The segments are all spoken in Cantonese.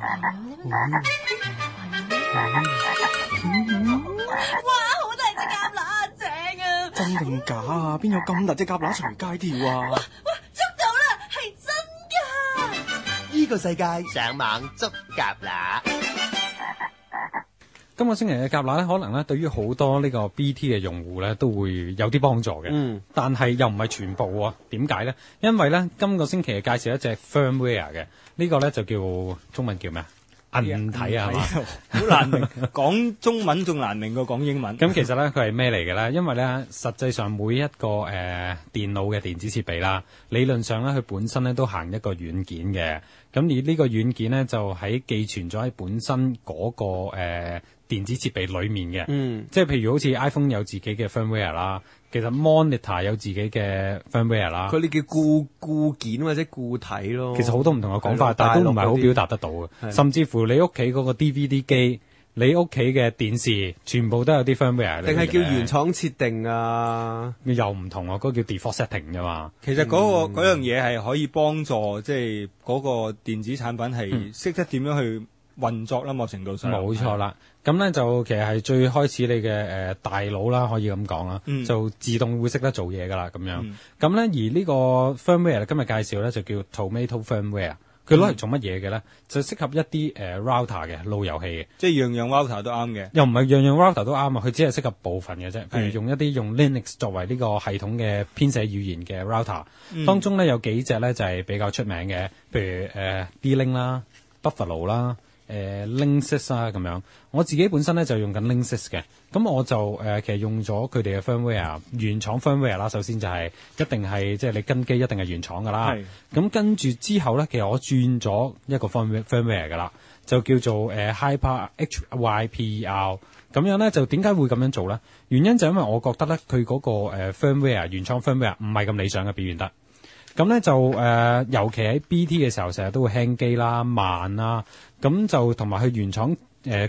嗯嗯嗯嗯、哇！好大隻蛤乸正啊！真定假啊？邊有咁大隻蛤乸隨街跳啊哇？哇！捉到啦，係真㗎！呢個世界上網捉蛤乸。今個星期嘅夾乸咧，可能咧對於好多呢個 BT 嘅用戶咧，都會有啲幫助嘅。嗯，但係又唔係全部喎、啊。點解呢？因為呢，今個星期嘅介紹一隻 firmware 嘅，呢、這個呢，就叫中文叫咩啊？硬體啊，係嘛？好難明，講 中文仲難明過講英文。咁其實呢，佢係咩嚟嘅呢？因為呢，實際上每一個誒、呃、電腦嘅電子設備啦，理論上呢，佢本身呢，都行一個軟件嘅。咁而呢個軟件咧就喺寄存咗喺本身嗰個誒、呃、電子設備裏面嘅，嗯、即係譬如好似 iPhone 有自己嘅 firmware 啦，其實 monitor 有自己嘅 firmware 啦。佢哋叫固固件或者固體咯。其實好多唔同嘅講法，但係都唔係好表達得到嘅。的甚至乎你屋企嗰個 DVD 機。你屋企嘅電視全部都有啲 firmware，定係叫原廠設定啊？又唔同啊，嗰、嗰個、叫 default setting 啫嘛、嗯。其實嗰、嗰個、嗯、嗰樣嘢係可以幫助，即係嗰個電子產品係識得點樣去運作啦，某程度上。冇、嗯、是錯啦，咁咧就其實係最開始你嘅、呃、大腦啦，可以咁講啦，嗯、就自動會識得做嘢噶啦，咁樣。咁咧、嗯、而呢個呢個 firmware 今日介紹咧就叫 Tomato firmware。佢攞嚟做乜嘢嘅咧？就適合一啲、呃、router 嘅路由器嘅，即係樣樣 router 都啱嘅。又唔係樣樣 router 都啱啊！佢只係適合部分嘅啫。是譬如用一啲用 Linux 作為呢個系統嘅編寫語言嘅 router、嗯、當中咧有幾隻咧就係、是、比較出名嘅，譬如誒 D、呃、Link 啦、Buffalo 啦。呃 Linksys 啊，咁樣我自己本身咧就用緊 Linksys 嘅，咁我就誒、呃、其實用咗佢哋嘅 firmware 原廠 firmware 啦。首先就係、是、一定係即係你根基一定係原廠噶啦。咁跟住之後咧，其實我轉咗一個 firmware 嘅啦，就叫做誒、呃、Hyper H Y P L。咁樣咧就點解會咁樣做咧？原因就是因為我覺得咧佢嗰個 firmware 原廠 firmware 唔係咁理想嘅，表現得。咁咧就誒、呃，尤其喺 BT 嘅時候，成日都會輕機啦、慢啦，咁就同埋佢原廠誒、呃、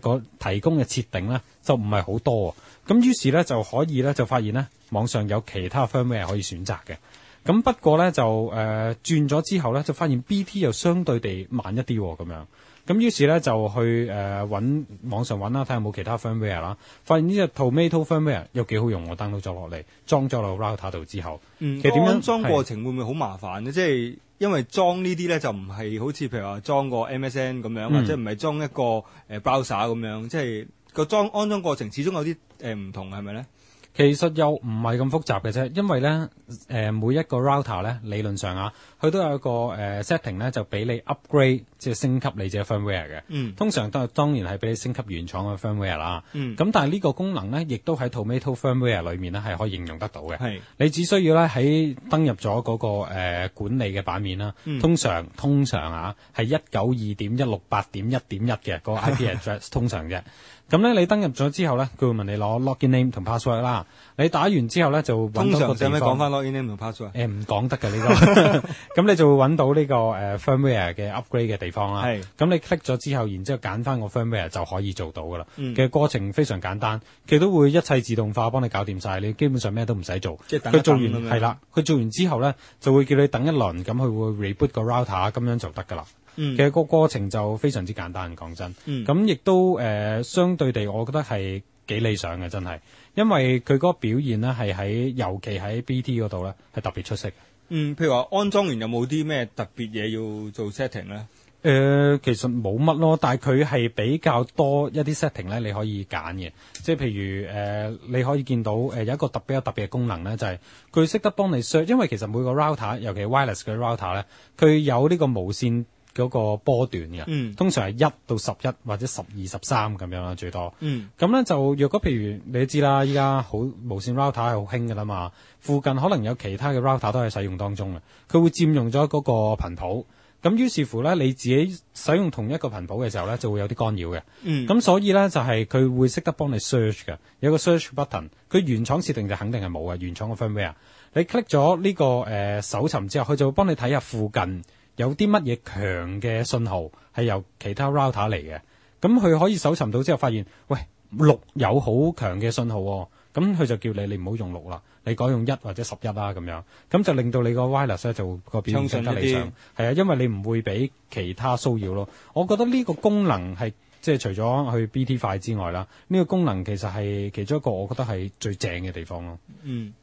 提供嘅設定咧，就唔係好多、啊。咁於是咧就可以咧就發現咧，網上有其他 firmware 可以選擇嘅。咁不過咧就誒、呃、轉咗之後咧，就發現 BT 又相對地慢一啲咁、啊、樣。咁於是咧就去誒揾、呃、網上揾啦，睇下有冇其他 firmware 啦。發現呢隻 Tomato firmware 又幾好用，我 download 咗落嚟，裝咗落 router 度之後，嗯、其實點樣安裝過程會唔會好麻煩呢？是即係因為裝呢啲咧就唔係好似譬如話裝個 MSN 咁樣，嗯、或者唔係裝一個、呃、browser 咁樣，即係個裝安裝過程始終有啲唔、呃、同，係咪咧？其實又唔係咁複雜嘅啫，因為咧、呃、每一個 router 咧理論上啊，佢都有一個、呃、setting 咧，就俾你 upgrade。即係升級你自己 firmware 嘅，嗯、通常都係當然係俾你升級原廠嘅 firmware 啦。咁、嗯、但係呢個功能咧，亦都喺 Tomato firmware 裏面咧係可以應用得到嘅。是你只需要咧喺登入咗嗰、那個誒、呃、管理嘅版面啦。嗯、通常通常啊係一九二點一六八點一點一嘅個 IP address， 通常嘅。咁咧你登入咗之後咧，佢會問你攞 login name 同 password 啦。你打完之後咧就到通常有咩講翻 login name 同 password？誒唔講、欸、得嘅呢、 這個，咁你就揾到呢個誒 firmware 嘅 upgrade 嘅地。方咁係你 click 咗之後，然之後揀翻個 firmware 就可以做到噶啦。其實、嗯、過程非常簡單，佢都會一切自動化，幫你搞掂晒。你基本上咩都唔使做。即係等佢做完係啦，佢做完之後咧，就會叫你等一輪，咁佢會 reboot 個 router，咁樣就得噶啦。嗯、其實個過程就非常之簡單，講真。咁亦、嗯、都誒、呃，相對地，我覺得係幾理想嘅，真係，因為佢嗰個表現咧，係喺尤其喺 B T 嗰度咧，係特別出色。嗯，譬如話安裝完有冇啲咩特別嘢要做 setting 咧？誒、呃，其實冇乜咯，但係佢係比較多一啲 setting 咧，你可以揀嘅。即係譬如誒、呃，你可以見到誒、呃、有一個比較特別特別嘅功能咧，就係佢識得幫你 share。因為其實每個 router，尤其 wireless 嘅 router 咧，佢有呢個無線嗰個波段嘅，嗯、通常係一到十一或者十二、十三咁樣啦，最多。咁咧、嗯、就若果譬如你都知啦，依家好無線 router 係好興噶啦嘛，附近可能有其他嘅 router 都係使用當中嘅，佢會佔用咗嗰個頻譜。咁於是乎咧，你自己使用同一個頻譜嘅時候咧，就會有啲干擾嘅。咁、嗯、所以咧，就係、是、佢會識得幫你 search 嘅，有個 search button。佢原廠設定就肯定係冇嘅，原廠嘅 firmware 你 click 咗呢、這個誒、呃、搜尋之後，佢就會幫你睇下附近有啲乜嘢強嘅信號係由其他 router 嚟嘅。咁佢可以搜尋到之後發現，喂，六有好強嘅信號、哦，咁佢就叫你你唔好用六啦。你改用一或者十一啦咁樣，咁就令到你個 wireless 咧就變得理想。係啊，因為你唔會俾其他騷擾咯。我覺得呢個功能係即係除咗去 BT 快之外啦，呢個功能其實係其中一個我覺得係最正嘅地方咯。嗯。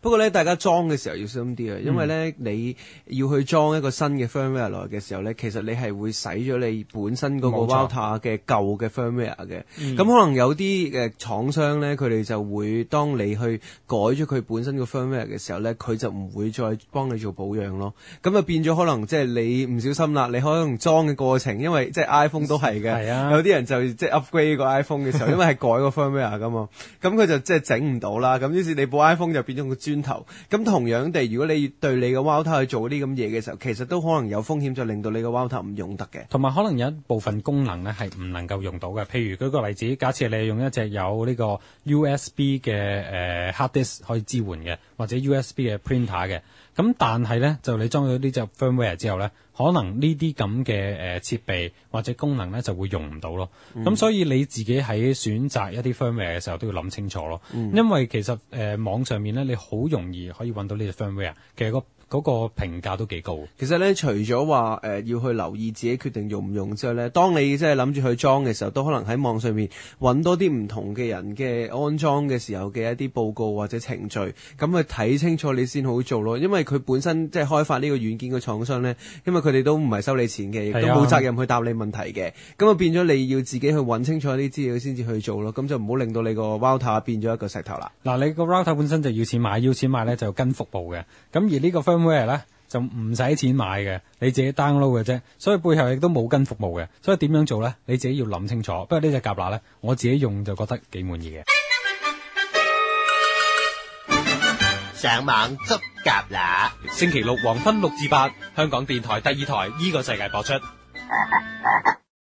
不過咧，大家裝嘅時候要小心啲啊，因為咧、嗯、你要去裝一個新嘅 firmware 落嚟嘅時候咧，其實你係會洗咗你本身嗰個 router 嘅舊嘅 firmware 嘅。咁錯、嗯、可能有啲嘅廠商咧，佢哋就會當你去改咗佢本身個 firmware 嘅時候咧，佢就唔會再幫你做保養咯。咁就變咗可能即係你唔小心啦，你可能裝嘅過程，因為即係 iPhone 都係嘅，的啊、有啲人就即係 upgrade 個 iPhone 嘅時候，因為係改個 firmware 噶嘛，咁佢 就即係整唔到啦。咁於是你部 iPhone 就變咗。磚頭。咁，同樣地，如果你對你個 router 去做啲咁嘢嘅時候，其實都可能有風險，就令到你個 router 唔用得嘅。同埋可能有一部分功能呢係唔能夠用到嘅。譬如舉個例子，假設你用一隻有呢個 USB 嘅誒 hard disk 可以支援嘅，或者 USB 嘅 printer 嘅，咁但係呢，就你裝咗呢隻 firmware 之後呢，可能呢啲咁嘅誒設備或者功能呢就會用唔到咯。咁、嗯、所以你自己喺選擇一啲 firmware 嘅時候都要諗清楚咯，因為其實誒、呃、網上面呢。你。嗯嗯好容易可以揾到呢個 firmware，其實，那個。嗰個評價都幾高。其實咧，除咗話、呃、要去留意自己決定用唔用之外咧，當你即係諗住去裝嘅時候，都可能喺網上面揾多啲唔同嘅人嘅安裝嘅時候嘅一啲報告或者程序，咁、嗯、去睇清楚你先好做咯。因為佢本身即係開發個軟呢個軟件嘅廠商咧，因為佢哋都唔係收你錢嘅，亦都冇責任去答你問題嘅。咁啊、嗯、變咗你要自己去揾清楚啲資料先至去做咯。咁就唔好令到你個 router 變咗一個石頭啦。嗱、啊，你個 router 本身就要錢買，要錢買咧就跟服務嘅。咁而呢個。咁咩咧？就唔使錢買嘅，你自己 download 嘅啫。所以背後亦都冇跟服務嘅。所以點樣做呢？你自己要諗清楚。不過呢隻夾乸呢，我自己用就覺得幾滿意嘅。上網捉夾乸，星期六黃昏六至八，香港電台第二台呢個世界播出。